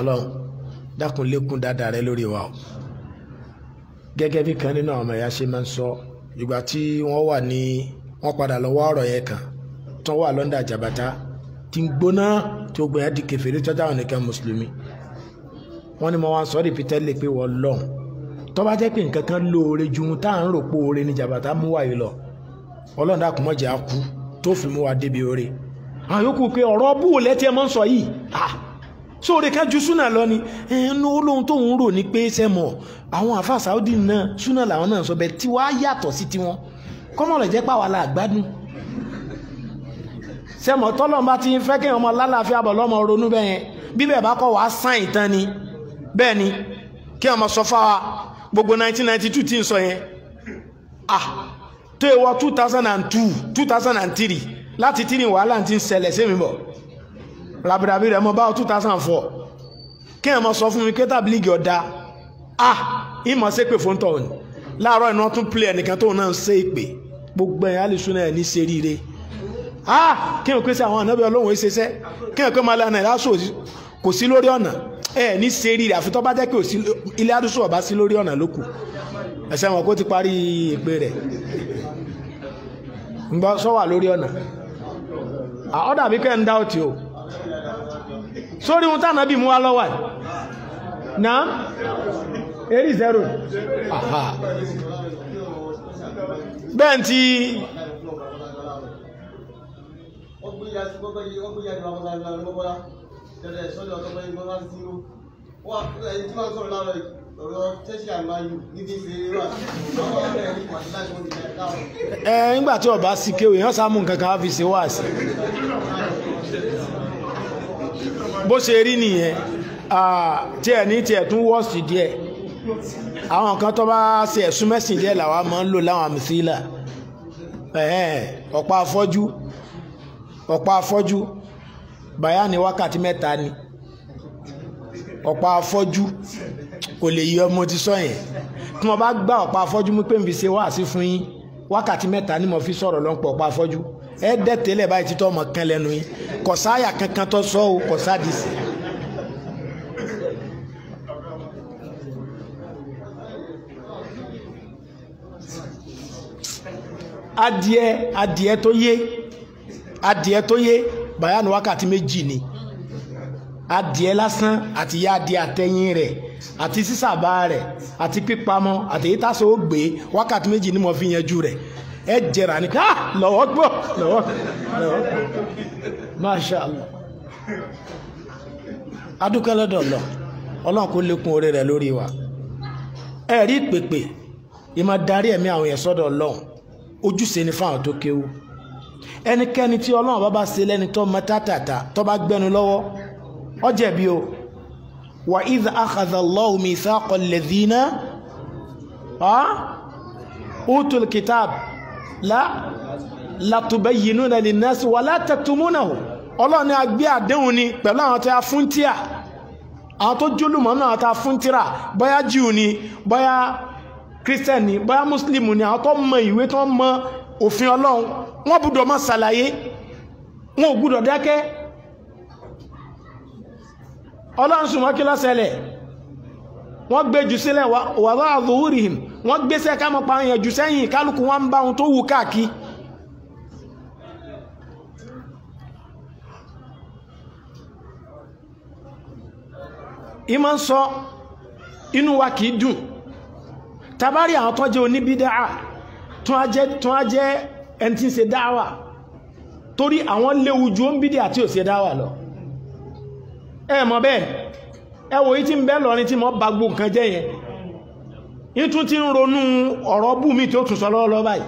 ọlọ́run dákun lékún dáadáa rẹ lórí wa o gẹ́gẹ́ bí kan nínú àwọn ọmọ ìyá ṣe máa ń sọ ìgbà tí wọ́n wà ní wọ́n padà lọ wá ọ̀rọ̀ yẹn kan tán wà lọ́ndà àjàbátá tí ń gbóná tí ó gbìyànjú di kẹfẹ́ lójú ọjà nìkan mùsùlùmí wọ́n ní mo wá sọ ọ́ dìbí tẹ́lẹ̀ pé wọ́n lọ́n tó bá jẹ́ pé nǹkan kan lóore ju ohun tá ń rò pé oore ni jàbátá mú wáyé lọ ọlọ́run dákun mọ́jà á kú tó fi mú wa débi oore àwọn yòókù pé ọ̀rọ̀ búwo lẹ́tí ẹ mọ́ ń sọ yìí ah! so òde kan ju súnà lọ ni ẹnu olóhun tóun rò ní pé sẹ́mọ̀ àwọn àfa Saudi náà súnà làwọn náà sọ bẹ́ẹ̀ tiwa yàtọ̀ sí tiwọn kọ́mọ̀lẹ̀ jẹ́ pàwọ́ la gbádùn sẹ́mọ̀ tọ́lọ́n bá ti ń fẹ́ kéèyàn ọmọ lálàáfíà bọ̀ lọ́mọ ronú bẹ́ẹ̀ yẹn bí bẹ́ẹ̀ bá kọ́ wàá sàn ìtàn ni bẹ́ẹ̀ ni kí ọmọ sọ fáwa gbogbo 1992 tí ń sọ yẹn ah tó ewọ 2002 2003 láti tí ni wàhálà ti ń ṣẹlẹ̀ sí mi rabidabi rẹ̀ mọ́ báwọ̀ 2004 kí ẹ̀ sọ fún mi kétàbí lígì ọ̀dá ah ìmọ̀ sí pé fóńtọ̀ ni láàárọ̀ iná tún play ẹnìkan tóun náà ń ṣe ìpè gbogbo ẹ̀yà lè súná ẹ̀ ní ṣe ah kí n pèsè àwọn ànábẹ́ ọlọ́run ṣeṣẹ́ kí n pè máa lànà ìlàsọ kò sí lórí ọ̀nà ẹ̀ ní ṣe àfi ilé ọ̀bá sí lórí ọ̀nà lókù ẹ̀sẹ̀ wọn kó ti parí ìpè rẹ̀ ń lórí ọ̀nà ọ̀dà ah, bí kẹ́ ń dá òtí o. sórí ohun táwọn bí mú wá lọ́wọ́ náà eré zero bẹ́ẹ̀ ti ẹ̀ eh, nígbà tí ọba sí kéwì sáà mú nǹkan kan á fi ṣe wáàsí bó ṣe rí nìyẹn tí ẹ̀ ní tiẹ̀ tún wọ́ọ̀sì díẹ̀ àwọn nǹkan tó bá ṣe ẹ̀sùn mẹ́sìn díẹ̀ làwa máa ń lò láwọn àmìsílà ọ̀pá afọ́jú ọ̀pá afọ́jú bàyá ní wákàtí mẹ́ta ni ọ̀pá afọ́jú kò lè yí ọmọ ti sọ yẹn tí mo bá gbá ọ̀pá afọ́jú mú pé n fi ṣe wáàsí fún yín wákàtí mẹ́ta ni mo fi sọ̀rọ̀ lọ́npọ̀ ọ̀pá afọ́jú ẹ dẹ́tẹ̀lẹ̀ báyìí títọ́ ọmọ kan lẹ́nu yín kọ̀sáyà kankan tó sọ o kọ̀sádìsì. adìẹ adìẹ tó yé adìẹ tó yé bayanu wákàtí méjì ni adìẹ lásán àti ya adìẹ àtẹ̀yìn rẹ̀ àti sísàbà rẹ̀ àti pípamọ́ àtẹ̀yítàsó gbé wákàtí méjì ni mo fi yanjú rẹ̀ ẹ jẹrà ní ká lọ́wọ́ gbọ́ lọ́wọ́ lọ́wọ́ masha allah adúpẹ́ lọ́dọ̀ lọ ọlọ́run kò lékún oore rẹ̀ lórí wa ẹ rí ìpèpè ìmọ̀ darí ẹ̀mí àwọn yẹn sọ́dọ̀ ọlọ́run ojúṣe ni fáwọn tó kéwu ẹnikẹ́ni tí ọlọ́run bá bá ṣe lẹ́ni tó mọ tátàtà tó bá gbẹnu lọ́wọ́ ó jẹ̀bi o wà idh akhadha Allahu mithaqa alladhina utul kitab la latubayyinuna linnasi wala taktumunahu ọlọ́run ni a gbé àdéhùn ni pẹ̀lú àwọn tó yà fún tíà àwọn tó jólùmọ́ náà ta fún tíra bóyá jíù ni bóyá kírísítẹ̀n ni bóyá mùsùlùmù ni àwọn tó mọ ìwé tó mọ òfin ọlọ́run wọ́n gbúdọ̀ máa ṣàlàyé wọn ò gbúdọ̀ dákẹ́ ọlọ́run sùnmọ́ kí ló ṣẹlẹ̀ wọ́n gbé jù sílẹ̀ wàrà àzòwúrìhìn wọ́n gbéṣẹ́ ká pa àwọn jù sẹ́yìn kálukú wọn ń bá ohun tó wù káàkiri ìmọ̀ ń wa kìí dùn tabari àwọn tó jẹ́ oníbídáà tó á jẹ́ ẹni tí ń ṣe dáwà torí àwọn léwu ju àti òṣèdáwà lọ ẹ ẹwọ yìí ti ń bẹ lọ́rin tí mọ́ bá gbó nǹkan jẹ́ yẹn yìí tún ti ń ronú ọ̀rọ̀ bú mi tí ó tún sọ lọ́wọ́lọ́wọ́ báyìí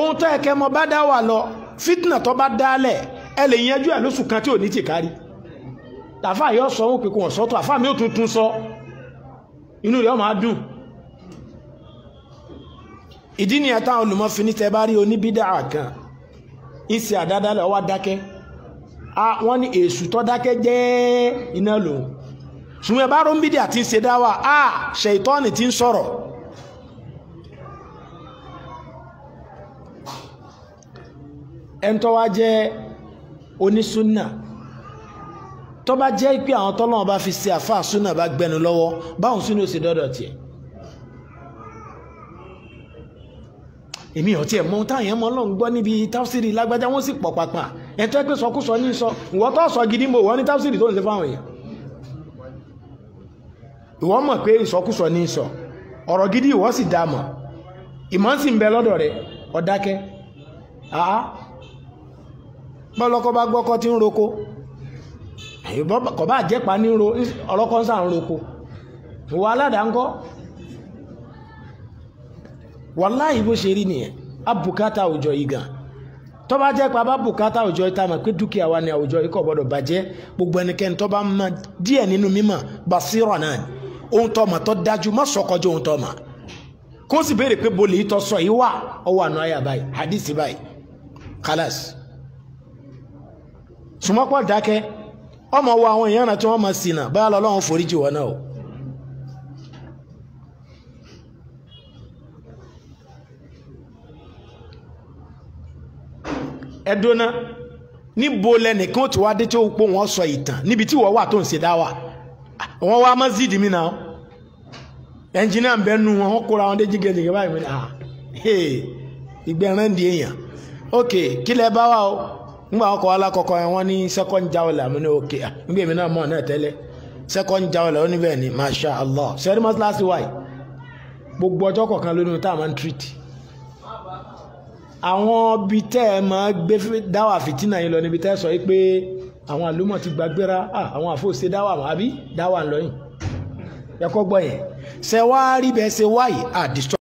ohun tó ẹ̀kẹ́ mọ́ bá dá wà lọ fitna tó bá dálẹ̀ ẹ lè yanjú ẹ̀ lóṣù kan tí ò ní ti kárí tàfà yóò sọ òun pé kò wọ́n sọ́tọ̀ àfà mi ò tún tún sọ inú rẹ̀ máa dùn ìdí ni ẹ̀ta olùmọ́fin ní bari bá rí oníbídà kan ìsì àdádálẹ̀ ọwá dákẹ́ wọ́n ní èṣù tó dákẹ́ jẹ́ iná lòun ṣùgbọ́n ẹ bá rò ń bídìí àti ṣe dáwà á ṣèitọ́ni ti ń sọ̀rọ̀ ẹ̀ńtọ́ wa jẹ́ onísúnà tó bá jẹ́ pé àwọn tọ́lọ́wọ́n bá fi ṣe àfáà súnà bá gbẹnu lọ́wọ́ báwọn súnà ó ṣe dọ́dọ̀ tiẹ̀ èmi ò tiẹ̀ mọ táwọn èèyàn mọ́ ọlọ́run gbọ́ níbi táwọn sì rí lágbájá wọ́n sì pọ̀ pàpà. ẹ̀ tó pé sọkúsọ ní sọ sọ gidi mo wọ́n ní tábìsìrì tó ń ṣe fáwọn èèyàn ìwọ mọ̀ pé ìsọkúsọ ní gidi ìwọ sì dá mọ̀ ìmọ̀ sì ń bẹ lọ́dọ̀ rẹ̀ ọ̀dákẹ́ àá bọ́lọ́kọ́ bá gbọ́kọ́ tí ń roko ní ro ọlọ́kọ́ ń sàn roko tó bá jẹ́ pa bá bùkátà àwùjọ ìta mọ̀ pé dúkìá wa ni àwùjọ ikọ̀ gbọ́dọ̀ bàjẹ́ gbogbo ẹnikẹ́ni tó bá mọ díẹ̀ nínú mímọ̀ basira náà ni ohun tó mọ̀ tó dájú má sọ ohun tó mọ̀ kó sì béèrè pé bolè sọ yìí wà ọwọ́ àná báyìí hadisi báyìí sùmọ́pọ̀ dákẹ́ ọmọ àwọn èèyàn náà tí ẹdúná níbo lẹnìkan tí wàá dé tí ó pò wọ́n sọ ìtàn níbi tí wọ́n wà tó ń ṣe dá wà wọ́n wá mọ́sídì mi náà ẹnjìnìá ń bẹ nu wọn kóra wọn dé jìgẹ̀jìgẹ̀ báyìí wọ́n ní ah, à ìgbẹ́ràn di èèyàn ok kí lẹ bá wà o ọkọ alakọkọ yẹn wọ́n ní second jawla ní ok ah, mi náà náà second jawla ó ní ni masha gbogbo lónìí tá a máa ń àwọn ibi tẹ́ ẹ máa gbé dáwà fìtínà yín lọ níbi tẹ́ ẹ sọ yìí pé àwọn àlùmọ̀ ti gbàgbéra àwọn àfòsè dáwà mọ́ àbí dáwà ńlọ yìí ẹ̀kọ́ gbọ́ yẹn ṣe wá rí bẹ́ẹ̀ ṣe wáyé àdìsọ́.